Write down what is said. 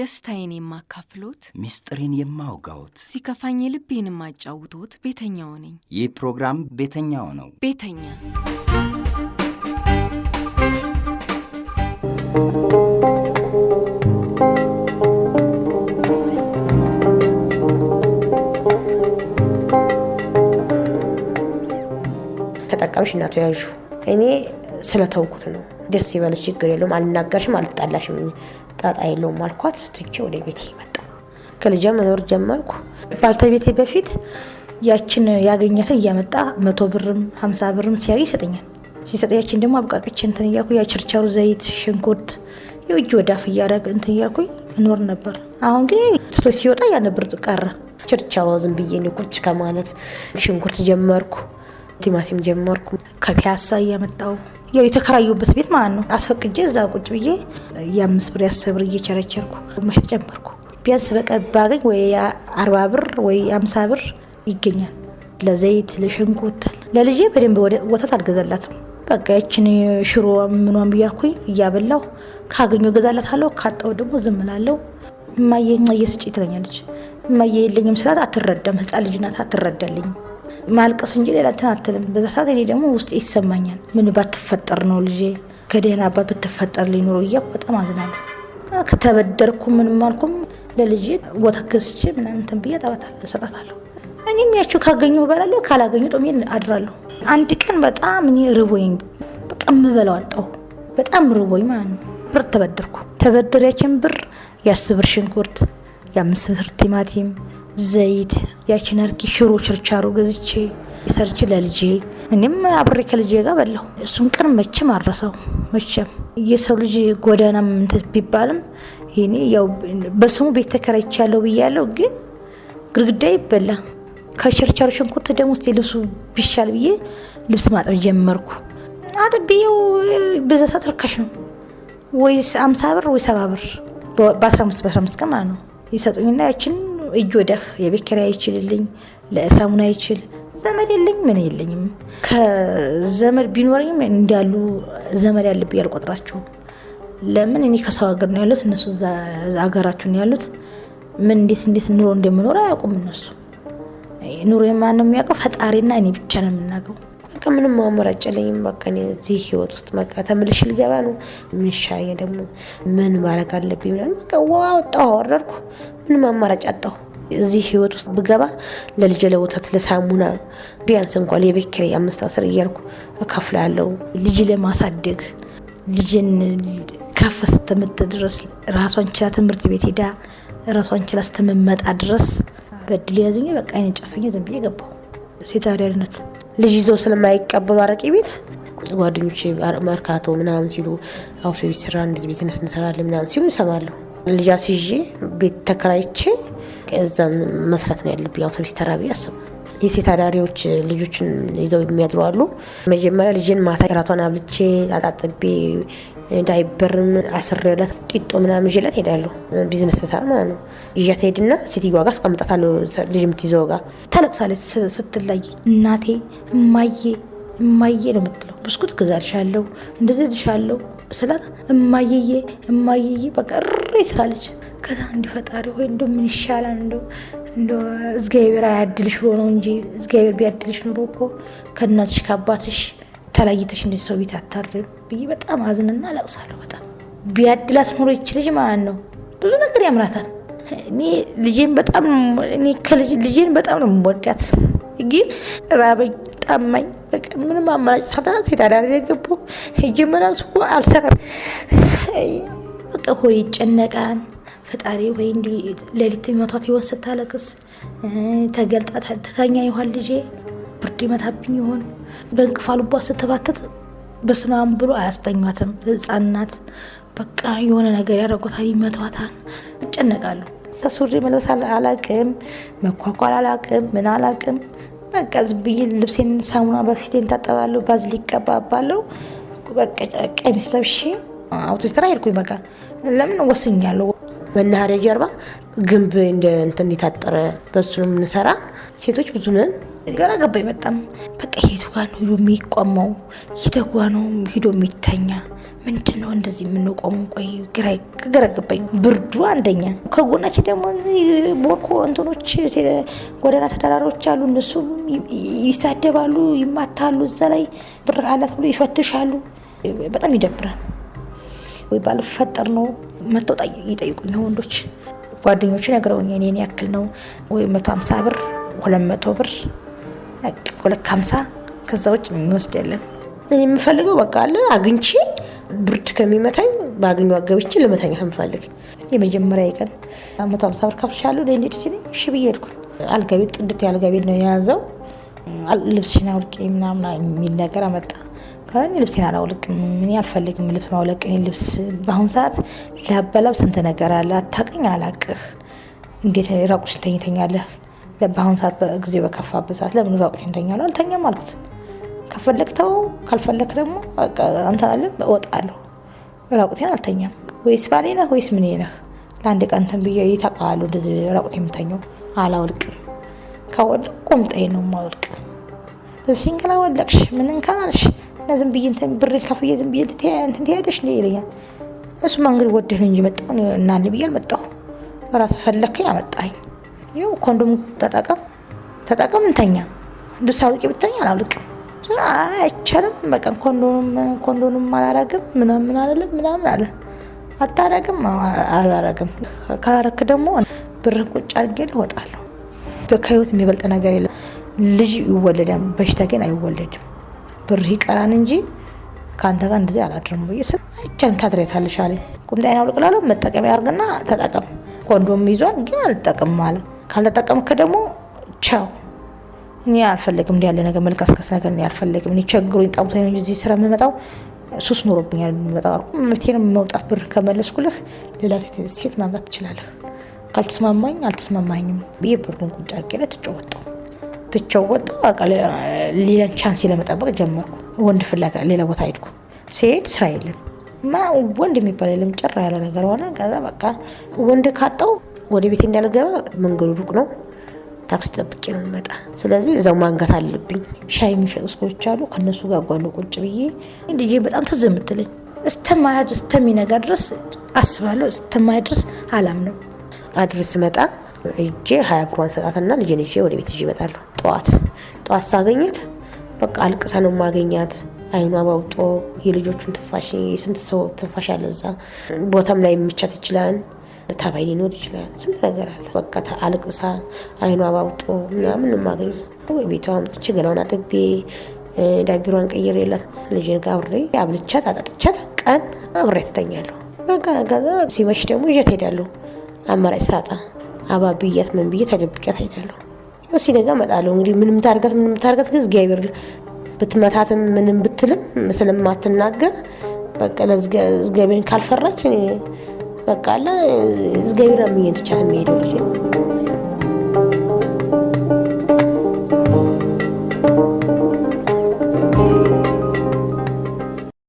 ደስታዬን የማካፍሎት፣ ሚስጥሬን የማውጋዎት፣ ሲከፋኝ ልቤን የማጫውቶት ቤተኛው ነኝ። ይህ ፕሮግራም ቤተኛው ነው። ቤተኛ ተጠቃሚሽ እናቱ ያዥ እኔ ስለተውኩት ነው። ደስ ይበልሽ፣ ችግር የለውም። አልናገርሽም፣ አልጣላሽም ጣጣ የለውም አልኳት። ትቼ ወደ ቤት መጣ። ከልጃ መኖር ጀመርኩ። ባልተቤቴ በፊት ያችን ያገኘትን እያመጣ መቶ ብርም ሀምሳ ብርም ሲያይ ይሰጠኛል። ሲሰጠያችን ደግሞ አብቃቅቼ እንትን እያልኩ የችርቻሩ ዘይት፣ ሽንኩርት የእጅ ወዳፍ እያደረግ እንትን እያልኩኝ እኖር ነበር። አሁን ግን ስቶ ሲወጣ ያነብር ቀረ። ችርቻሮ ዝም ብዬ ነው ቁጭ ከማለት ሽንኩርት ጀመርኩ፣ ቲማቲም ጀመርኩ ከፒያሳ እያመጣው የተከራዩበት ቤት ማለት ነው። አስፈቅጄ እዛ ቁጭ ብዬ የአምስት ብር የአስር ብር እየቸረቸርኩ መሸጥ ጀመርኩ። ቢያንስ በቀን ባገኝ ወይ አርባ ብር ወይ አምሳ ብር ይገኛል። ለዘይት ለሽንኩርት ለልጄ በደንብ ወተት አልገዛላትም። በቃ ያችን ሽሮ ምኗን ብያኩኝ እያበላሁ ካገኘሁ እገዛላታለሁ፣ ካጣሁ ደግሞ ዝም እላለሁ። እማዬ እማዬ ስጪ ትለኛለች። እማዬ የለኝም ስላት አትረዳም። ህፃን ልጅ ናት፣ አትረዳልኝም ማልቀስ እንጂ ሌላ እንትን አትልም። በዛ ሰዓት እኔ ደግሞ ውስጤ ይሰማኛል። ምን ባትፈጠር ነው ልጄ ከደህና አባት ብትፈጠር ሊኖሩ እያልኩ በጣም አዝናለሁ። ከተበደርኩ ምንም አልኩም ለልጄ ቦታ ገዝቼ ምናምን እንትን ብዬ እሰጣታለሁ። እኔም ያቸው ካገኘሁ እበላለሁ፣ ካላገኘሁ ጦሜ አድራለሁ። አንድ ቀን በጣም እኔ ርቦኝ በቃ የምበላው አጣሁ። በጣም ርቦኝ ማለት ነው። ብር ተበደርኩ። ተበደሪያችን ብር የአስር ብር ሽንኩርት፣ የአምስት ብር ቲማቲም ዘይት ያችን አርኪ ሽሮ ችርቻሮ ገዝቼ ሰርች ለልጄ እኔም አብሬ ከልጄ ጋር በለው። እሱም ቀን መቼም አረሰው መቼም የሰው ልጅ ጎዳና እንትን ቢባልም ይኔ ያው በስሙ ቤት ያለው ብያለው፣ ግን ግድግዳ ይበላ ከቸርቻሩ ሽንኩርት ደግሞ ስ ልብሱ ቢሻል ብዬ ልብስ ማጠብ ጀመርኩ። አጥብዬው በዛ ሰዓት ርካሽ ነው ወይ አምሳ ብር ወይ ሰባ ብር በአስራ አምስት በአስራ አምስት ቀን ማለት ነው ይሰጡኝና ያችን እጅ ወደፍ የቤት ኪራይ አይችልልኝ፣ ለሳሙና አይችል፣ ዘመድ የለኝ፣ ምን የለኝም። ከዘመድ ቢኖረኝም እንዳሉ ዘመድ ያለብኝ አልቆጥራቸውም። ለምን እኔ ከሰው ሀገር ነው ያሉት፣ እነሱ ሀገራቸው ነው ያሉት። ምን እንዴት እንዴት ኑሮ እንደምኖረ አያውቁም እነሱ። ኑሮ የማን ነው የሚያውቀው? ፈጣሪና እኔ ብቻ ነው የምናውቀው። በቃ ምንም አማራጭ የለኝም። በቃ እዚህ ህይወት ውስጥ በቃ ተመልሼ ልገባ ነው። ምንሻየ ደግሞ ምን ማድረግ አለብኝ ምናምን በቃ ወጣሁ፣ አወረድኩ። ምንም አማራጭ አጣሁ። እዚህ ህይወት ውስጥ ብገባ ለልጄ ለወተት፣ ለሳሙና ቢያንስ እንኳ የቤት ኪራይ አምስት አስር እያልኩ እከፍላለሁ። ልጅ ለማሳደግ ልጅን ከፍ ስትምት ድረስ ራሷን ችላ ትምህርት ቤት ሄዳ ራሷን ችላ ስትመመጣ ድረስ በድል ያዝኛ በቃ አይነ ጨፍኜ ዝም ብዬ ገባሁ ሴት አዳሪነት ልጅ ይዘው ስለማይቀባ አረቄ ቤት ጓደኞች መርካቶ ምናምን ሲሉ ቤት ስራ እንደዚህ ቢዝነስ እንሰራለን ምናምን ሲሉ እሰማለሁ። ልጅ አስይዤ ቤት ተከራይቼ እዛን መስራት ነው ያለብኝ። አውቶቤት ተራ ብዬ አስብ የሴት አዳሪዎች ልጆችን ይዘው የሚያድሩ አሉ። መጀመሪያ ልጅን ማታ ራቷን አብልቼ አጣጥቤ ዳይበርም አስሬላት ጢጦ ምናምን ይዤላት ሄዳለሁ። ቢዝነስ ሰዓት ማለት ነው። ይዣት ሄድና ሴትዮዋ ጋር አስቀምጣታለሁ። ልጅ የምትይዘው ጋር ታለቅሳለች ስትለይ። እናቴ እማዬ እማዬ ነው የምትለው። ብስኩት እገዛልሻለሁ እንደዚህ እልሻለሁ ስላት እማዬዬ እማዬዬ በቃ እሬ ትላለች። ከዛ እንዲ ፈጣሪ ሆይ እንደ ምን ይሻላል እንደ እንደ እግዚአብሔር አያድልሽ ብሎ ነው እንጂ እግዚአብሔር ቢያድልሽ ኑሮ እኮ ከእናትሽ ከአባትሽ ተለይተሽ እንደዚህ ሰው ቤት አታርም። ብዬ በጣም አዝንና አለቅሳለሁ። በጣም ቢያድላት ኖሮ ይች ልጅ ማለት ነው ብዙ ነገር ያምራታል። እኔ ልጄን በጣም ልጄን በጣም ነው የምወዳት፣ ግን ራበኝ፣ ጣማኝ፣ በቃ ምንም አማራጭ ሳታ ሴት አዳሪ የገባው ሄጅም ራሱ አልሰራም። በቃ ሆይ ይጨነቃል። ፈጣሪ ወይ እንዲ ሌሊት የሚመቷት ይሆን ስታለቅስ ተገልጣ ተተኛ ይሆን ልጄ ብርድ ይመታብኝ ይሆን በእንቅፋ ልቧ ስትባትት በስማም ብሎ አያስተኟትም። ህፃናት በቃ የሆነ ነገር ያደረጉታል፣ ይመቷታል፣ እጨነቃለሁ። ሱሪ መልበስ አላቅም፣ መኳኳል አላቅም፣ ምን አላቅም። በቃ ዝም ብዬ ልብሴን ሳሙና በፊቴን ታጠባለሁ፣ ባዝሊ ይቀባባለሁ። ቀሚስ ለብሼ አውቶ ስራ ሄድኩኝ። በቃ ለምን ወስኛለሁ። በናኸሪያ ጀርባ ግንብ እንደ እንትን የታጠረ በሱ ነው የምንሰራ ሴቶች ብዙ ነን። ግራ አገባ። በጣም በቃ የቱ ጋር ነው ሄዶ የሚቋመው? የቱ ጋር ነው ሄዶ የሚተኛ? ምንድን ነው እንደዚህ የምንቆሙ? ቆይ ግራ ገባኝ። ብርዱ አንደኛ፣ ከጎናችን ደግሞ ቦርኮ እንትኖች ጎዳና ተዳዳሪዎች አሉ። እነሱም ይሳደባሉ፣ ይማታሉ። እዛ ላይ ብር አላት ብሎ ይፈትሻሉ። በጣም ይደብራል። ወይ ባልፈጠር ነው መተው ይጠይቁኛ ወንዶች ጓደኞች ነግረውኝ፣ እኔን ያክል ነው ወይ መቶ ሀምሳ ብር ሁለት መቶ ብር ሁለት ከሀምሳ ከዛ ውጭ የሚወስድ የለም። እኔ የምፈልገው በቃ አለ አግኝቼ ብርድ ከሚመታኝ በአግኙ አገብቼ ለመተኛ ከምፈልግ የመጀመሪያ ቀን መቶ ሀምሳ ብር ከፍልሻለሁ ደንዴድ ሲለኝ እሺ ብዬ ሄድኩ። አልጋቤ ጥድት ያለ አልጋቤ ነው የያዘው። ልብስሽን አውልቂ ምናምን የሚል ነገር አመጣ። ከእኔ ልብሴን አላውልቅም፣ እኔ አልፈልግም ልብስ ማውለቅ። ልብስ በአሁኑ ሰዓት ላበላብ ስንት ነገር አለ። አታውቅኝ አላቅህ እንዴት ራቁሽን ተኝተኛለህ በአሁኑ ሰዓት ጊዜ በከፋበት ሰዓት ለምን ራቁቴን ተኛለሁ? አልተኛም አልኩት። ከፈለግ ተው፣ ካልፈለግ ደግሞ እንትን አለን እወጣለሁ። ራቁቴን አልተኛም። ወይስ ባሌ ነህ ወይስ ምን ነህ? ለአንድ ቀን እንትን ብዬ ይታውቃሉ። እንደዚህ ራቁቴን የምተኘው አላወልቅም። ከወልቅ ቁምጣዬን ነው የማወልቅ። ሲንከላ ወለቅሽ ምን እንከናልሽ እና ዝም ብዬ እንትን ብር ከፍዬ ዝም ብዬ እንትን ትሄደሽ እንደ ይለኛል። እሱማ እንግዲህ ወደህ ነው እንጂ መጣሁ እናን ብዬ አልመጣሁ። ራስ ፈለግከኝ አመጣኝ። ይኸው ኮንዶም ተጠቀም ተጠቀም እንተኛ ልብስ አውልቂ ብተኛ አላውልቅም አይቻልም። በቃ ኮንዶንም አላረግም ምናምን አለም ምናምን አለ አታረግም አላረግም። ካላረክ ደግሞ ብር ቁጭ አድርጌ እወጣለሁ። ከህይወት የሚበልጥ ነገር የለም። ልጅ ይወለዳል፣ በሽታ ግን አይወለድም። ብር ይቀራን እንጂ ከአንተ ጋር እንደዚህ አላድርም ብዬ ስል አይቻልም፣ ታድሬታለሽ አለኝ። ቁምጣዬን አውልቅላለሁ መጠቀሚያ አድርግና ተጠቀም። ኮንዶም ይዟል ግን አልጠቀምም ማለት ካልተጠቀምክ ደግሞ ቻው። እኔ አልፈለግም እንዲ ያለ ነገር መልቀስቀስ ነገር እኔ አልፈልግም። እኔ ቸግሮኝ ጣምቶ እዚህ ስራ የምመጣው ሱስ ኖሮብኛል። የሚመጣው መብቴን መውጣት ብር ከመለስኩልህ ሌላ ሴት ማምጣት ትችላለህ። ካልተስማማኝ አልተስማማኝም ብዬ ብሩን ቁጭ አድርጌ ላይ ትጨወጣው ትቸወጣ ሌላ ቻንስ ለመጠበቅ ጀመርኩ። ወንድ ፍላጋ ሌላ ቦታ ሄድኩ። ሲሄድ ስራ የለም ወንድ የሚባል የለም ጭራ ያለ ነገር ሆነ። ከዛ በቃ ወንድ ካጣው ወደ ቤት እንዳልገባ መንገዱ ሩቅ ነው። ታክሲ ጠብቄ ነው የሚመጣ። ስለዚህ እዛው ማንጋት አለብኝ። ሻይ የሚሸጡ ሰዎች አሉ። ከነሱ ጋር ጓለሁ ቁጭ ብዬ ልጄ በጣም ትዝ የምትለኝ እስተማያ እስተሚነጋ ድረስ አስባለሁ። እስተማያ ድረስ አላምነው። አድርስ መጣ እጄ ሀያ ብሯን ሰጣትና ልጄን ይዤ ወደ ቤት ይዤ እመጣለሁ። ጠዋት ጠዋት ሳገኘት በቃ አልቅሰ ነው ማገኛት። አይኗ ባውጦ የልጆቹን ትንፋሽ የስንት ሰው ትንፋሽ አለዛ ቦታም ላይ የሚቻት ይችላል ተባይ ሊኖር ይችላል። ስንት ነገር አለ። በቃ አልቅሳ አይኗ አባብጦ ምናምን ማገኝ ወይ ቤቷ አምጥቼ ገላውን አጥቤ ዳቢሯን ቀይሬ የላት ልጄን ጋር አብሬ አብልቻት አጠጥቻት ቀን አብሬ ትተኛለሁ። በቃ ከዛ ሲመሽ ደግሞ ይዣት ሄዳለሁ። አማራጭ ሳጣ አባብያት ምን ብዬ ተደብቂያት ሄዳለሁ። ያው ሲነጋ እመጣለሁ። እንግዲህ ምንም ታርጋት ምንም ታርጋት ግን እግዚአብሔር ብትመታትም ምንም ብትልም ስለማትናገር በቃ ለእግዚአብሔርን ካልፈራች በቃ አለ እግዚአብሔር አምኜ ትቻት የሚሄደው ልጅ